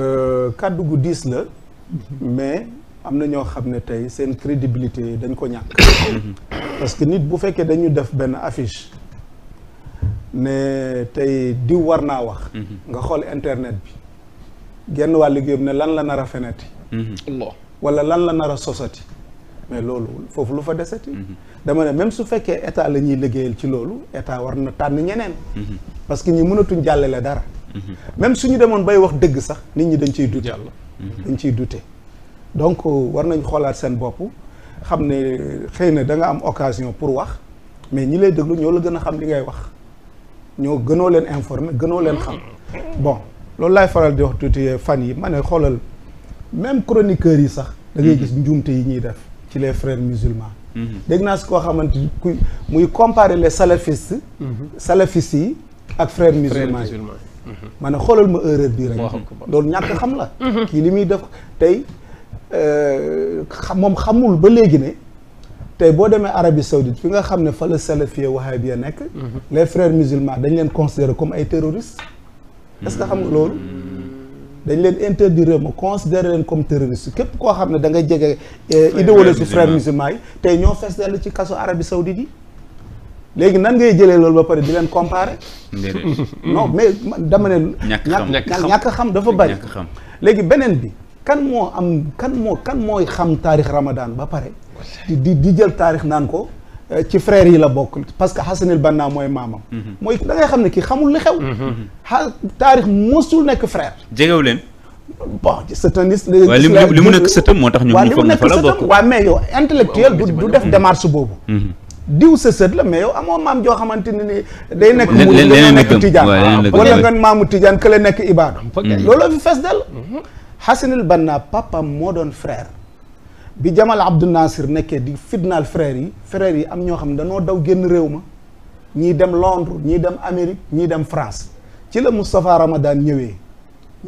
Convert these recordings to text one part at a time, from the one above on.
Euh, kàddu gu diis la mais am na ñoo xam ne tey seen crédibilité dañ ko ñàkk parce que nit bu fekkee dañu def benn affiche ne tey diw war naa wax nga xool internet bi genn wàllu géeb ne lan la nar a feneti wala lan la nar a sosati mais loolu foofu lu fa deseti dama ne même su fekkee état la ñuy liggéeyal ci loolu état war na tànn ñeneen mhm. parce que ñi mënatuñ jàllale dara même ñu demoon bay wax dëgg sax nit ñi dañ ciy dute mhm. dañ ciy dute donc euh, war nañ xoolaat seen bopp xam ne euh, xëy na da nga am occasion pour wax mais ñi lay déglu ñoo la gën a xam li ngay wax ñoo gënoo leen informer gënoo leen xam bon loolu laay faral di wax tuuti euh, fan yi ma ne xoolal même chroniqueurs yi sax da mhm. gis njuumte yi ñuy def ci les frères musulmans mhm. dégg naa si koo xamante ku muy comparer les salafistes salafistes yi ak frères musulmans yi ma ne xoolal ma erreur bii rek loolu ñàkk xam la mhm. kii li muy def tey euh, xam moom xamul ba léegi ne tey boo demee Arabie Saoudite fi nga xam ne fa la salafie wahabiya nekk mhm. les frères musulmans dañ leen considérer comme ay terroristes est-ce que xam nga loolu hmm. dañ leen interdire ma considérer leen comme terroriste képp koo xam ne da nga jege euh, idéologie frères musulmans yi tey ñoo fees dell ci kaso Arabie Saoudite yi léegi nan ngay jëlee loolu ba pare di leen comparer. non mais dama ne. ñàkk xam ñàkk xam dafa bari. léegi beneen bi kan moo am kan moo kan mooy xam taarix Ramadan ba pare. di di jël taarix naan ko. Euh, ci frère yi la bokk parce que Hassanil Banna mooy maamam. Mhm. mooy da xam ne kii xamul li xew. xa mhm. mhm. taarix mosul nekk frère. jegew leen. bon c'est un is. li mu nekk sëtam moo tax ñu. ñu foog ne fa mais yow intellectuel du def démarche boobu. diw sa sët la mais yow amoo maam joo xamante ne ni day nekk mu day nekk tijaan wala nga maamu tijaan kële nekk ibaadu mm. looloo fi fees dal Hassanil mm-hmm. Banna papam moo doon frère bi Jamal Abdou Nasir nekkee di fitnaal frère yi frère yi am ñoo xam ne dañoo daw génn réew ma ñii dem Londres ñii dem Amérique ñii dem France ci la Moustapha Ramadan ñëwee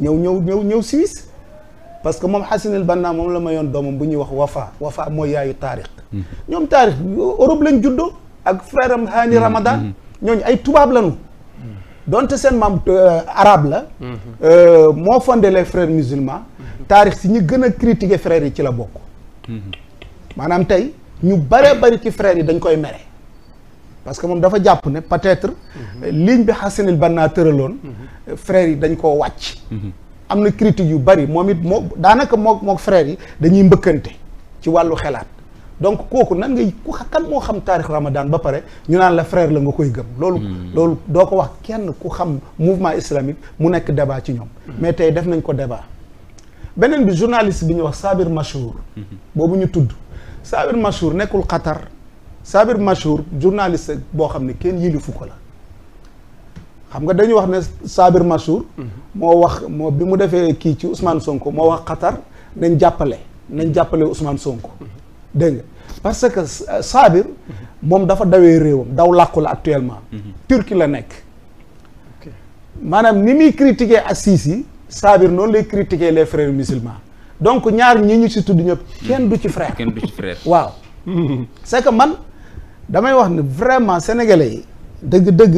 ñëw ñëw ñëw ñëw Suisse parce que moom Hassanil Banna moom la mayoon doomam bu ñuy wax Wafa wafaa mooy yaayu taarix ñoom taarix Europe lañ juddoo ak frère am Hani Ramadan mm-hmm. ñooñu ay tubaab lañu mm-hmm. donte seen maam euh, arabe la mm-hmm. euh, moo fondé les frères musulmans taarix si ñu gën a critiquer frères yi ci la bokk maanaam tey ñu bare bari ci frères yi dañ koy mere parce que moom dafa jàpp ne peut-être ligne bi Hassanil Banna tëraloon frères yi dañ koo wàcc am na critique yu bari moom it moo daanaka mook mook frère yi dañuy mbëkkante ci wàllu xelaat donc kooku nan nga ku kan moo xam taarix ramadan ba pare ñu naan la frère la nga koy gëm loolu hmm. loolu doo ko wax kenn ku xam mouvement islamique mu nekk débat ci ñoom hmm. mais tey def nañ ko débat beneen bi journaliste bi ñu wax Sabir Mashour hmm. boobu ñu tudd Sabir Mashour nekkul Qatar Sabir Mashour journaliste boo xam ne kenn yilifu ko la xam nga dañuy wax ne Sabir Massour mhm. moo wax moo bi mu defee kii ci Ousmane Sonko moo wax Qatar nañ jàppale nañ jàppale Ousmane Sonko mhm. dégg nga parce que euh, Sabir mhm. moom dafa dawee réewam daw làkku la actuellement Turquie la nekk maanaam ni muy critiquer Assis yi Sabir noonu lay critiquer les frères musulmans donc ñaar ñi ñu si tudd ñëpp kenn du ci frère kenn du waaw c'est que man damay wax ne vraiment sénégalais yi dëgg-dëgg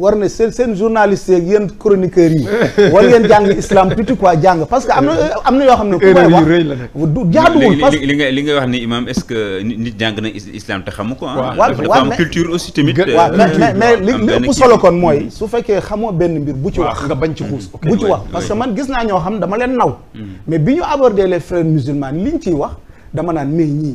war na seen seen journaliste yeeg yéen chroniqueurs yi war ngeen jàng islam tuuti quoi que am na am na yoo xam ne ku koy wax du li nga wax ni imam est-ce que nit jàng na islam te xamu ko ah? am culture aussi tamit euh, waaw mais mais li li solo kon mooy su fekkee xamoo benn mbir bu ci wax nga bañ ci xuus bu ci parce que man gis naa ñoo xam dama leen naw mm. mais bi ñu abordé les frères musulmans liñ ciy wax dama naan mais ñii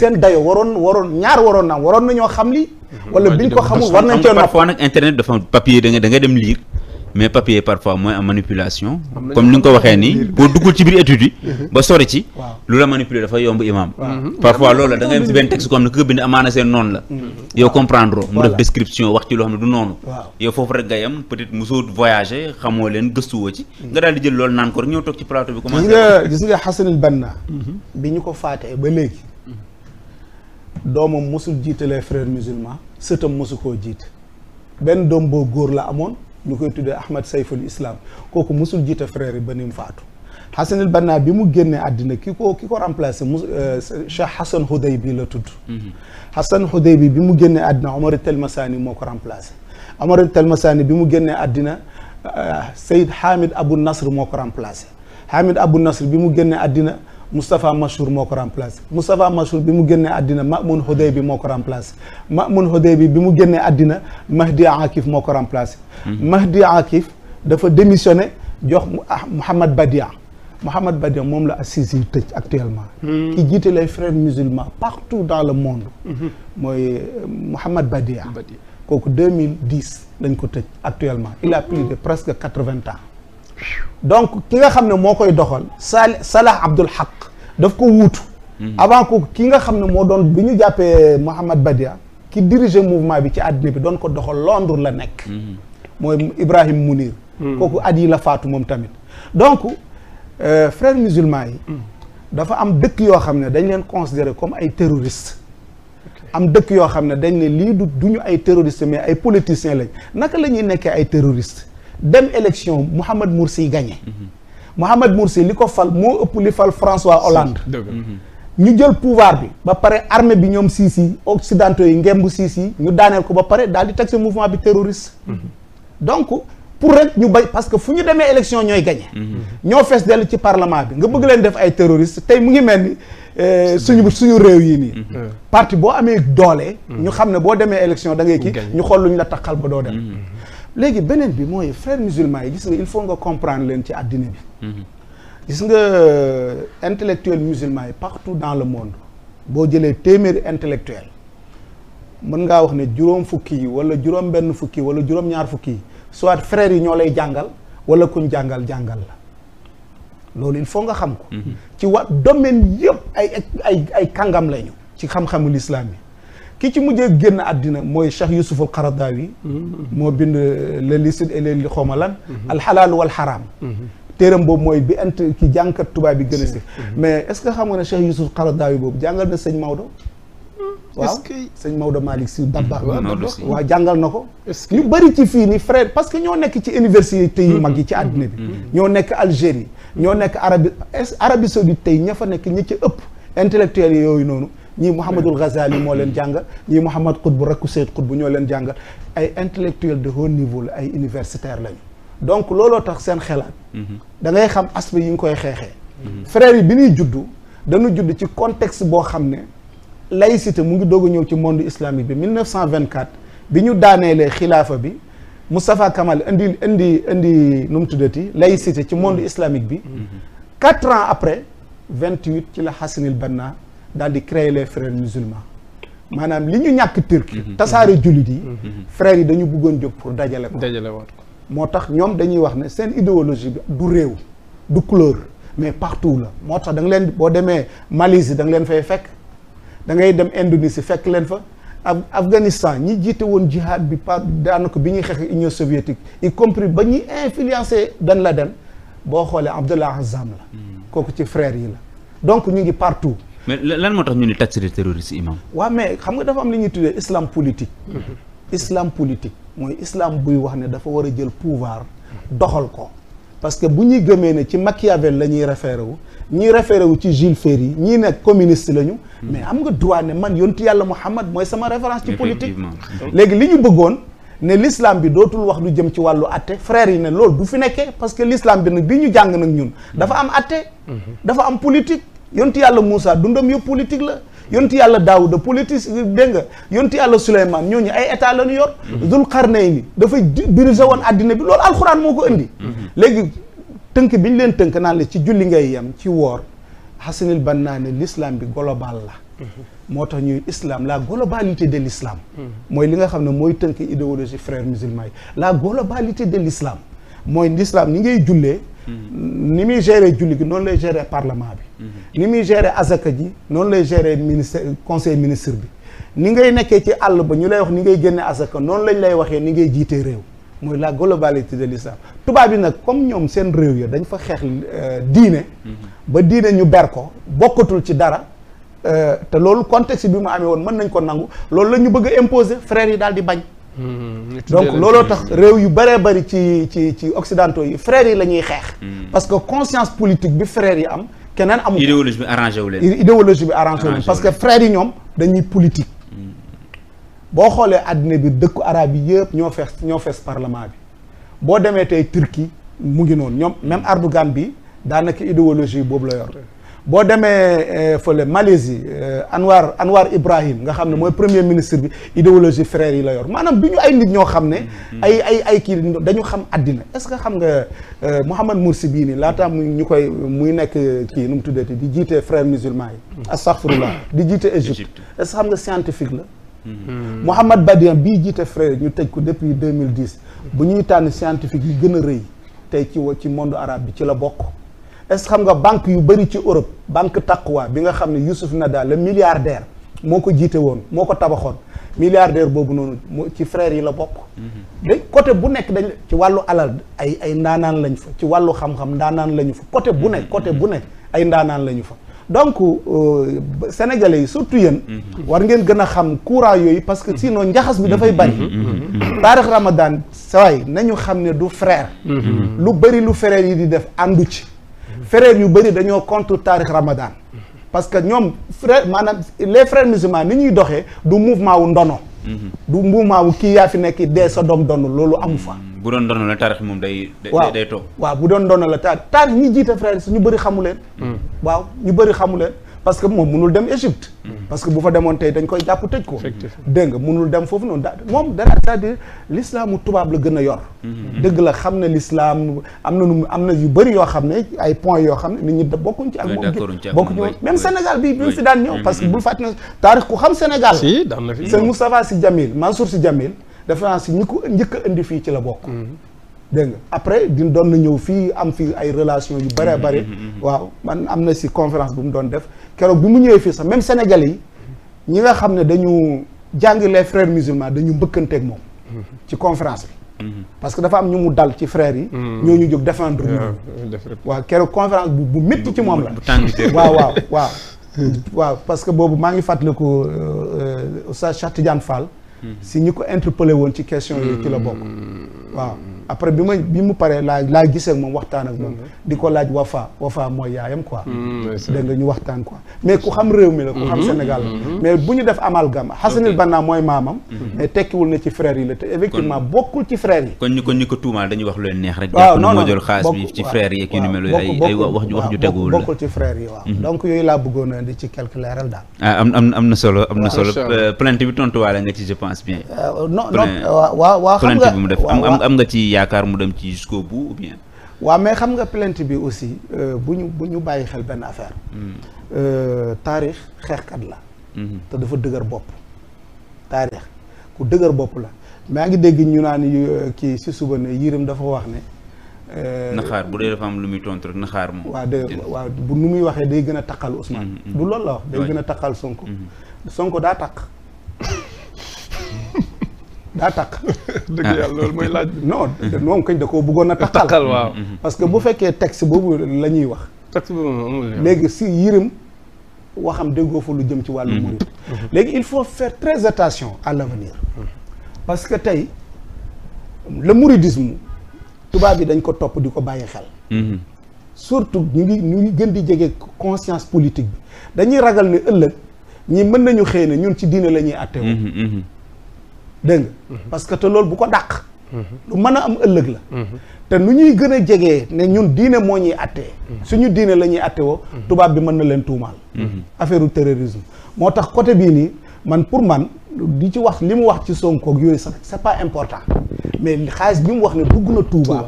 seen dayo waroon waroon ñaar waroon naam waroon ñoo xam lii mhm. wala biñ ko xamul war na cee nopp nag internet dafa papier da dem lire mais papier parfois mooy am manipulation. comme ni nga ko waxee nii boo duggul ci biir étude yi. Mhm. ba sori ci. lu la manipuler dafa yomb imaam. Mhm. Mhm. parfois loolu la da ngay si benn texte comme ne ku ko bind amaana seen noonu la. yow comprendre mu def description wax ci loo xam ne du noonu. yow foofu rek nga yem peut être mosoo voyager xamoo leen gëstuwoo ci. nga daal di jël loolu naan ko rek ñëw toog ci plateau bi. commencé gis nga gis nga Hassanul Banna. bi ñu ko faatee ba léegi. doomam mosul jiite les frères musulmans sëtam mosu koo jiite. benn doom boo góor la amoon. ñu koy tuddee Ahmad Sayful Islam kooku musul jiite frère yi ba ni mu faatu Hassan al Banna bi mu génnee àddina ki ko ki ko remplacé mu euh, Cheikh Hassan Hudaybi la tudd mhm. Hassan Hudaybi bi mu génnee àddina Omar Telmasani moo ko remplacé Omar Telmasani bi mu génnee àddina euh, Seyd Hamid abu Nasr moo ko remplacé Hamid abu Nasr bi mu génnee àddina Moustapha Machour moo ko remplacé Moustapha Machour bi mu génnee àddina Mamoun Hodey bi moo ko remplacé Mamoun Hodey bi bi mu génnee àddina Mahdi Akif moo ko remplacé hmm. Mahdi Akif dafa démissionné jox Mouhamad ah, Badia Mouhamad Badia moom la assise yi tëj actuellement hmm. ki jiite les frères musulmans partout dans le monde hmm. mooy euh, Mouhamad Badia kooku 2010 lañ ko tëj actuellement il a plus de presque quatre vingt ans donc ki nga xam ne moo koy doxal Sal Salah Abdul Haq daf ko wuutu hmm. avant ko ki nga xam ne moo doon bi ñu jàppee Mohamed Badia ki diriger mouvement bi ci àddina bi doon ko doxal Londres la nekk hmm. mooy Ibrahim Mounir hmm. kooku at yi la faatu moom tamit donc euh, frères musulmans yi dafa am dëkk yoo xam ne dañ leen considéré comme ay terroristes am dëkk yoo xam ne dañ ne lii du ñu ay terroristes mais ay politiciens lañ naka la ñuy nekkee ay terroristes dem élection Mouhamed Moursi gagné. Mouhamed Moursi li ko fal moo ëpp li fal François Hollande. Mhm. ñu jël pouvoir bi ba pare armée bi ñoom Sisi occidentaux yi ngemb Sisi ñu daaneel ko ba pare daal di teg sa mouvement bi terroriste. Mhm. donc pour rek ñu bañ parce que fu ñu demee élection ñooy gagné. Mhm. ñoo fees dell ci parlement bi nga bëgg leen def ay terroriste tey mu ngi mel ni. Euh, suñu suñu réew yi nii. Euh. parti boo amee doole. ñu xam ne boo demee élection da ngay kii ñu xool lu la taxal ba doo dem. léegi beneen bi mooy frère musulman yi gis nga il faut nga comprendre leen ci àddina bi gis nga euh, intellectuel musulman yi partout dans le monde boo jëlee téeméeri intellectuel mën ngaa wax ne juróom fukki yi wala juróom benn fukki yi wala juróom ñaar fukki yi soit frères yi ñoo lay jàngal wala kuñ jàngal jàngal la loolu il faut nga xam ko mm-hmm. ci wa domaine yëpp ay ay ay kàngam lañu ci xam-xamu lislaam yi ki ci mujjee génn àddina mooy Cheikh Yusuf al Qaradawi mm-hmm. moo bind le licide et le li xawma lan mm-hmm. al xalaal wal xaraam mm-hmm. téeram boobu mooy bi ant ki jànkat tubaab bi gën mais est ce que xam nga ne Cheikh Yusuf Qaradawi boobu jàngal na sëñ Maodo waaw sëñ Maodo Malick si dabbaax waaw jàngal na ko ñu bëri ci fii ni frère parce que ñoo nekk ci université yu mag yi ci àddina bi ñoo nekk Algérie ñoo nekk Arabie Arabie Saoudite tey ña fa nekk ñi ci ëpp intellectuels yooyu noonu ñii Mouhamadul Ghazali moo leen jàngal ñii Mouhamad Qutb rakku Seyd Qutb ñoo leen jàngal ay intellectuel de haut niveau la ay universitaire lañu donc looloo tax seen xelaat mhm. da ngay xam aspect yi nga koy xeexee frères yi bi ñuy juddu dañu judd ci contexte boo xam ne laïcité mu ngi doog ñëw ci monde islamique bi 1924 bi ñu daaneelee xilaafa bi Moustapha Kamal indi indi indi nu mu tuddati laïcité ci monde islamique bi mhm. quatre ans après vingt-huit ci la Hassanil Banna daal di créer les frères musulmans maanaam li ñu ñàkk turki mhm. tasaare jullit yi mhm. Mhm. frères yi dañu bëggoon jóg pour dajale ko dajale waat ko moo tax ñoom dañuy wax ne seen idéologie bi du réew du couleur mais partout la moo tax danga leen boo demee Malaisie da nga leen fay fekk dangay dem Indonésie fekk leen fa Af Afghanistan ñi jiite woon jihad bi par daanaka bi ñuy xeex Union soviétique y compris ba ñuy influencé la Laden boo xoolee Abdullah Azam la kooku ci frères yi la mais lan moo tax ñu ni tax de terroriste imam mais xam nga dafa am li ñuy tuddee islam politique. Mhm. islam politique mooy islam buy wax ne dafa war a jël pouvoir doxal ko. parce que bu ñuy gëmee ne ci Machiavel la ñuy référé wu ñuy référé wu ci Jules Ferry ñii nekk communiste lañu. Mhm. mais am nga droit ne man yontu yàlla Muhammad mooy sama référence ci politique. léegi li ñu bëggoon ne l'islam bi dootul wax lu jëm ci wàllu atte frère yi ne lool bu fi nekkee parce que l'islam bi nag bi ñu jàng nag ñun. dafa am atte. Mhm. yontu yàlla Moussa dundam yëpp politique la yontu yàlla Daouda politique dégg nga yontu yàlla Souleymane ñooñu ay état la ñu yor. dul mhm. xarnay ni dafay dirigé woon àddina bi loolu alxuraan moo ko indi. Mhm. léegi tënk bi ñu leen tënk naan la ci julli ngay yem ci woor xasanil bannaane l'islam bi global la. Mhm. moo tax ñuy islam la globalité de l'islam. mooy li nga xam ne mooy tënk idéologie frères musulmans yi la globalité de l'islam. mooy l'islam ni ngay jullee mhm. ni muy gérer julli bi noonu lay gérer parlement bi mhm. ni muy gérer azaka ji noonu lay gérer ministère conseil ministre bi ni ngay nekkee ci àll ba ñu lay wax ni ngay génne azaka noonu lañ lay waxee ni ngay jiitee réew mooy la globalité de l'islam tubaab yi nag comme ñoom seen réew ya dañ fa xeex euh, diine mhm. ba diine ñu ber ko bokkatul ci dara euh, te loolu contexte bi mu amee woon mën nañ ko nangu loolu la ñu bëgg a imposer yi daal di bañ Mm-hmm. donc looloo tax réew yu bëree bëri ci ci ci occidentaux yi frères yi la ñuy xeex. Mm. parce que conscience politique bi frères yi am. keneen amul idéologie bi arrangé wu leen. idéologie bi arrangé wu leen parce que frères yi ñoom dañuy politique. Mm. boo xoolee àddina bi dëkku arab yi yëpp ñoo fees ñoo fees parlement bi boo demee tey Turquie mu ngi noonu ñoom même Erdogan bi daanaka idéologie boobu la yor. boo demee euh, fële Malaisie euh, Anwar Anwar Ibrahim nga xam ne mooy premier ministre bi idéologie frère yi la yor maanaam bi ñu ay nit ñoo xam ne. Mm-hmm. ay ay ay kii dañu xam addina est-ce que xam nga euh, Mouhamed Moursi bii nii laataa muy ñu koy muy nekk kii nu mu tuddati di jiite frère musulman yi. Mm-hmm. astaghfirullah di jiite Égypte est-ce que xam nga scientifique la. Mm-hmm. Mouhamed Badian bii jiite frère ñu tëj ko depuis 2010. bu ñuy tànn scientifique yi gën a rëy tey ci ci monde arabe bi ci la bokk. est xam nga banque yu bëri ci Europe banque taqwa bi nga xam ne Youssouf Nada le milliardaire moo ko jiite woon moo ko tabaxoon milliardaire boobu noonu mu ci frères yi la bokk. Mhm. de côté bu nekk dañ ci wàllu alal ay ay ndaanaan lañ fa ci wàllu xam-xam ndaanaan lañu fa côté bu nekk côté bu nekk ay ndaanaan lañu fa. donc euh, sénégale yi surtout yéen mhm. war ngeen gën a xam courant yooyu parce que mhm. sinon njaxas bi dafay bari taarix ramadan sawaay nañu xam ne du frère lu bëri lu frère yi di def àndu ci frères yu bëri dañoo contre Tariq Ramadan parce que ñoom frère maanaam les frères musulmans ni ñuy doxee du mouvement wu ndono du mouvement wu kii yaa fi nekk dee sa doom donn loolu amu fa mm-hmm. bu doon ndono la Tariq moom day day toog waaw bu doon ndono la Tariq Tariq ñi jiite frère su ñu bëri xamu leen mm. waaw ñu bëri xamu leen parce que moom munul dem Égypte. Mm-hmm. parce que bu fa demoon tey dañ koy jàpp tëj ko. dégg nga munul dem foofu noonu da moom dara c'est-à-dire l'islaamu tubaab la gën a yor. Mm-hmm. dëgg la xam ne l'islaam am na nu am na yu bëri yoo xam ne ay points yoo xam ne ni ñu ñi bokkuñ ci ak. moom bokkuñ ci même Sénégal bi bi mu fi daan ñëw. parce que mm-hmm. bul fàtte na taarix ku xam Sénégal. si daan na fi sëñ Moustapha Sy Djamil Mansour Sy si ñi ko njëkk a indi fii ci la bokk. dégg nga après dindoon na ñëw fii am fii ay relation yu bëree bëri. Mm-hmm, mm-hmm, mm-hmm. waaw man am na si conférence bu mu doon def keroog bi mu ñëwee fii sax même sénégal yi ñi nga xam ne dañu jàng les frères dañu mbëkkanteeg moom. ci conférence bi. parce que dafa am ñu mu dal ci frères yi. ñoo ñu jóg défendre ñu. waaw keroog conférence bu bu métti ci moom la. waaw waaw waaw. waaw parce que boobu maa ngi fàttaliku euh, euh, Oustaz Cheikh Tidiane Fall. si ñu ko interpellé woon ci question yi ci la après bi ma bi mu paree laa laa gisee ak moom waxtaan ak moom mm-hmm. di ko laaj wafa wafa mooy yaayam quoi mm, dégg ñu waxtaan quoi mais ku xam réew mi la ku xam mm-hmm. Sénégal la mm-hmm. mais bu ñu def amalgame Hassanil Banna mooy maamam mais tekkiwul ne ci frère yi la te effectivement bokkul ci frère yi kon ñu ko tuumaal dañuy wax lu neex rek a daal ah, am am na solo am na solo euh, plainte bi tontuwaale nga ci je pense bien euh, non non waaw waaw xam nga am nga ci yaakaar mu dem ci jusqu'au bout ou bien. waaw mais xam nga plainte bi aussi euh, bu ñu bu ñu bàyyi xel benn affaire. Hmm. Euh, taarix xeexkat la. Hmm. te dafa dëgër bopp. taarix ku dëgër bopp la maa ngi dégg ñu naan euh, kii si suba ne Yérim dafa wax ne. naxaar bu dee dafa am lu muy tontu rek naxaar moom. waaw de waaw bu nu muy waxee day gën a taqal Ousmane. Hmm, du loolu la wax day gën a taqal Sonko. Sonko daa taq. daa takk. dëgg yàlla loolu mooy laaj bi. non moom kañ da koo bëggoon a takkal waaw mm-hmm. Mm-hmm. parce que bu fekkee texte boobu la ñuy wax. texte boobu moom léegi si yirim waxam déggoo fa lu jëm ci wàllu mm-hmm. murid. léegi il faut faire très attention à l'avenir parce que tey le mouridisme tubaab yi dañ ko topp di ko bàyyi xel. surtout ñu ngi ñu ngi gën di jege conscience politique bi dañuy ragal ne ëllëg ñi mën nañu xëy na ñun ci diine la ñuy àtteewoo. dégg nga mhm. parce que te loolu bu ko dàq mhm. lu mën a am ëllëg la mhm. te nu ñuy gën a jegee ne ñun diine moo ñuy attee suñu diine la ñuy atte woo tubaab bi mën na leen tuumaal affaire u terrorisme moo tax côté bii nii man pour man di ci wax li mu wax ci Sonko yooyu sax c'est pas important mais xaalis bi mu wax ne dugg na Touba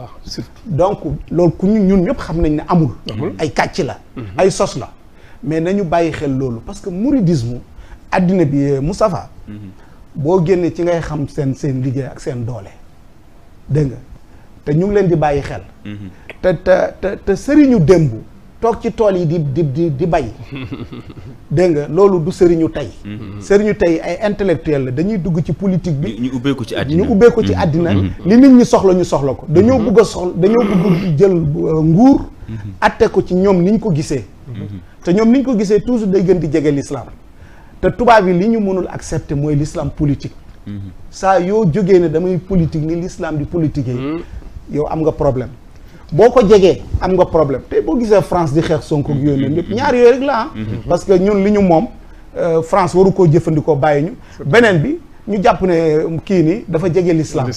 donc loolu ku ñu ñun ñëpp xam nañ ne amul ay kàcc la ay sos la mais nañu bàyyi xel loolu parce que mouridisme addina bi Moustapha boo génnee ci ngay xam seen seen liggéey ak seen doole dégg nga te ñu leen di bàyyi xel. Mhm. te te te te sëriñu démb toog ci tool yi di di di di bay nga loolu du sëriñu tey. Mhm. sëriñu tey ay intellectuel la dañuy dugg ci politique bi. ñu ubbee ko ci àddina ñu ubbee ci mhm. àddina. li nit ñi soxla ñu soxla ko dañoo bëgg a soxla dañoo bëgg jël euh, nguur. atte ko ci ñoom ñu ko gisee. te ñoom ñu ko gisee toujours day gën di jege lislaam te tubaab yi li ñu mënul accepter mooy l'islam politique saa yoo jógee ne damay politique ni l'islam di politiquer hmm. yow am nga problème boo ko jegee am nga problème te boo gisee France di xeex Sonko ak yooyu noonu lépp hmm. ñaar yooyu rek la ah. hmm. parce que ñun li ñu moom euh, France waru koo jëfandikoo bàyyi ñu beneen bi ñu jàpp ne kii nii dafa jege l'islam